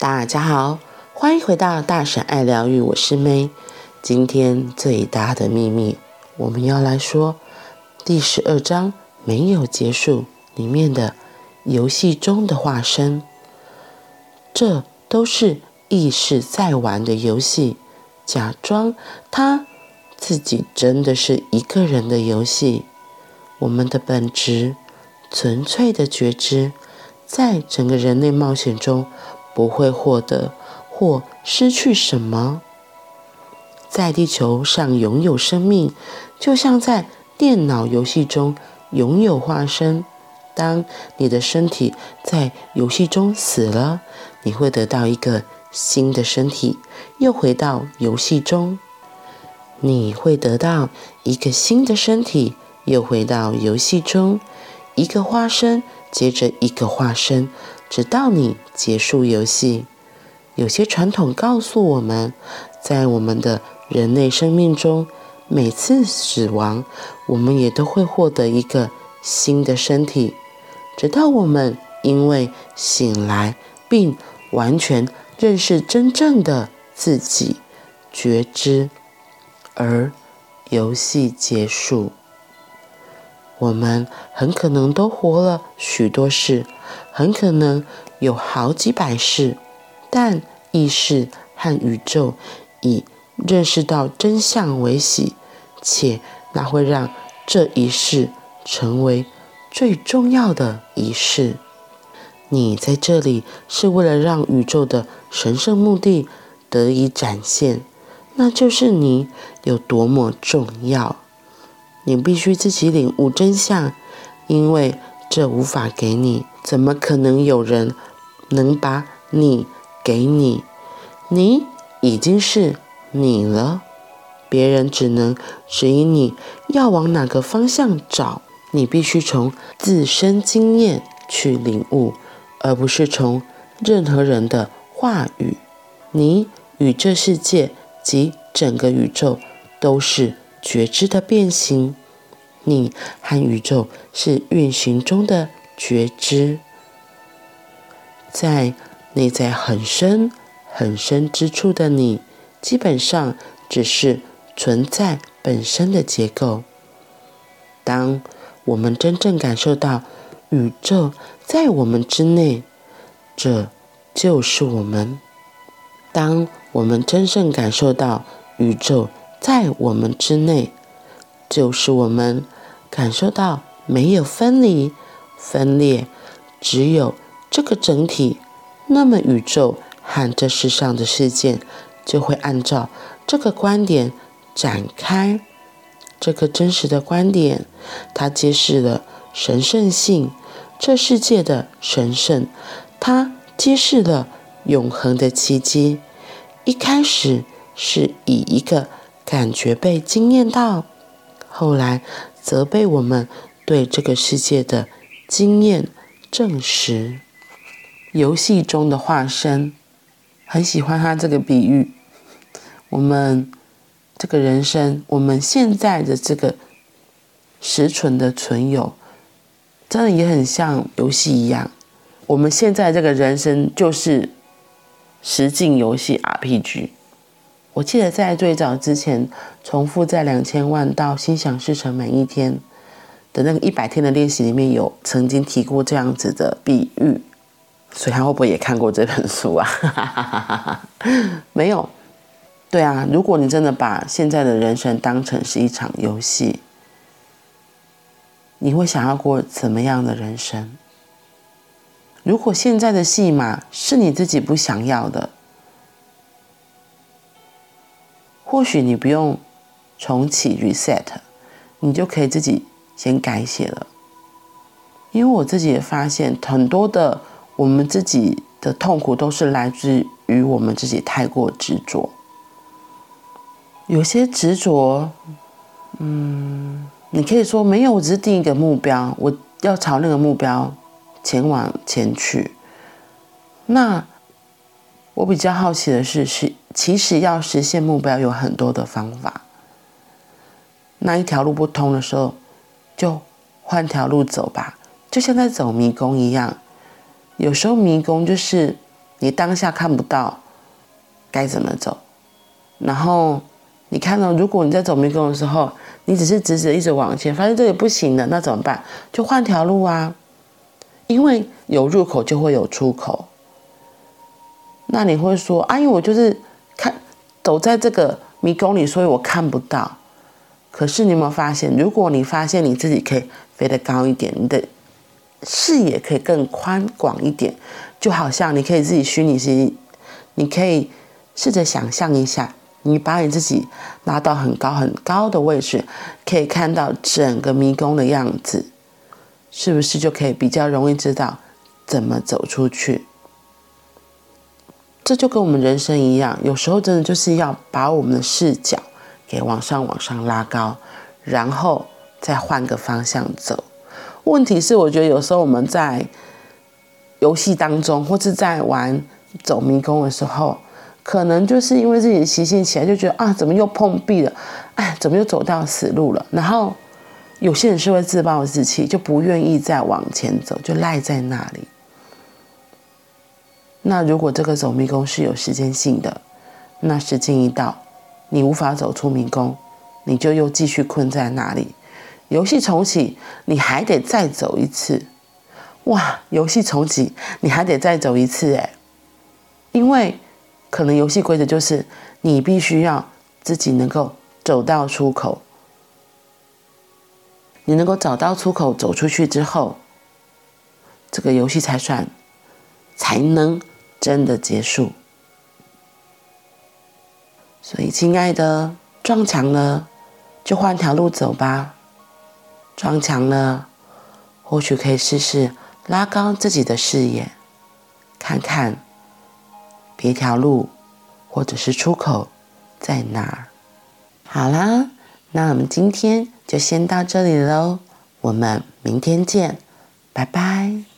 大家好，歡迎回到大嬸愛療癒，我是 May。今天最大的秘密，我們要來說第十二章沒有結束裡面的遊戲中的化身，這都是意識在玩的遊戲，假裝他自己真的是一個人的遊戲。我們的本質純粹的覺知，在整個人類冒險中。不會獲得或失去什麼。在地球上擁有生命，就像在電腦遊戲中擁有化身。當你的身體在遊戲中死了，你會得到一個新的身體，又回到遊戲中。你會得到一個新的身體，又回到遊戲中。一個化身接着一個化身。直到你結束遊戲。有些傳統告訴我們，在我們的人類生命中，每次死亡，我們也都會獲得一個新的身體，直到我們因為醒來並完全認識真正的自己、覺知，而遊戲結束。我們很可能都活了許多世。很可能有好幾百世，但意識和宇宙以認識到真相為喜，且那會讓這一世成為最重要的一世。你在這裡是為了讓宇宙的神聖目的得以展現，那就是你有多麼重要。你必須自己領悟真相，因為這無法給你。怎麼可能有人能把你給你？你已經是你了，別人只能指引你要往哪個方向找。你必須從自身經驗去領悟，而不是從任何人的話語。你與這世界及整個宇宙都是覺知的變形，你和宇宙是運行中的覺知，在內在很深很深之處的你，基本上只是存在本身的結構。當我們真正感受到宇宙在我們之內，這就是我們。當我們真正感受到宇宙在我們之內，就是我們感受到沒有分離分裂，只有這個整體，那麼宇宙和這世上的事件就會按照這個觀點展開。這個真實的觀點，它揭示了神聖性，這世界的神聖，它揭示了永恆的奇蹟。一開始是以一個感覺被驚豔到，後來則被我們對這個世界的。經驗證實，遊戲中的化身，很喜歡他這個比喻。我們這個人生，我們現在的這個實存的存有，真的也很像遊戲一樣。我們現在這個人生就是實境遊戲 RPG。我記得在最早之前，從負債兩千萬到心想事成每一天。的那個一百天的練習裡面有曾經提過這樣子的比喻，所以他會不會也看過這本書啊？哈哈哈哈哈。沒有，對啊，如果你真的把現在的人生當成是一場遊戲，你會想要過怎麼樣的人生？如果現在的戲碼是你自己不想要的，或許你不用重啟 reset，你就可以自己。先改寫了，因為我自己也發現很多的我們自己的痛苦都是來自於我們自己太過執着。有些執着，嗯，你可以說沒有，我只是定一個目標，我要朝那個目標前往前去。那我比較好奇的是，是其實要實現目標有很多的方法。那一條路不通的時候，就換條路走吧，就像在走迷宮一樣。有時候迷宮就是你當下看不到該怎麼走，然後你看到，哦，如果你在走迷宮的時候，你只是直直一直往前，發現這也不行了，那怎麼辦？就換條路啊，因為有入口就會有出口。那你會說，啊，因為我就是看走在這個迷宮裡，所以我看不到。可是你有沒有發現，如果你發現你自己可以飛得高一點，你的視野可以更寬廣一點，就好像你可以自己虛擬一些，你可以試着想象一下，你把你自己拉到很高很高的位置，可以看到整個迷宮的樣子，是不是就可以比較容易知道怎麼走出去？這就跟我們人生一樣，有時候真的就是要把我們的視角，給往上往上拉高，然後再換個方向走。問題是，我覺得有時候我們在遊戲當中，或是在玩走迷宮的時候，可能就是因為自己的習性起來，就覺得啊，怎麼又碰壁了？哎，怎麼又走到死路了？然後有些人是會自暴自棄，就不願意再往前走，就賴在那裡。那如果這個走迷宮是有時間性的，那時間一到，你無法走出迷宮，你就又繼續困在那裡。遊戲重啟，你還得再走一次。哇，遊戲重啟，你還得再走一次哎。因為，可能遊戲規則就是，你必須要自己能夠走到出口。你能夠找到出口走出去之後，這個遊戲才算，才能真的結束。所以，親愛的，撞牆了，就換條路走吧。撞牆了，或許可以試試拉高自己的視野，看看別條路或者是出口在哪兒。好啦，那我們今天就先到這裡嘍。我們明天見，拜拜。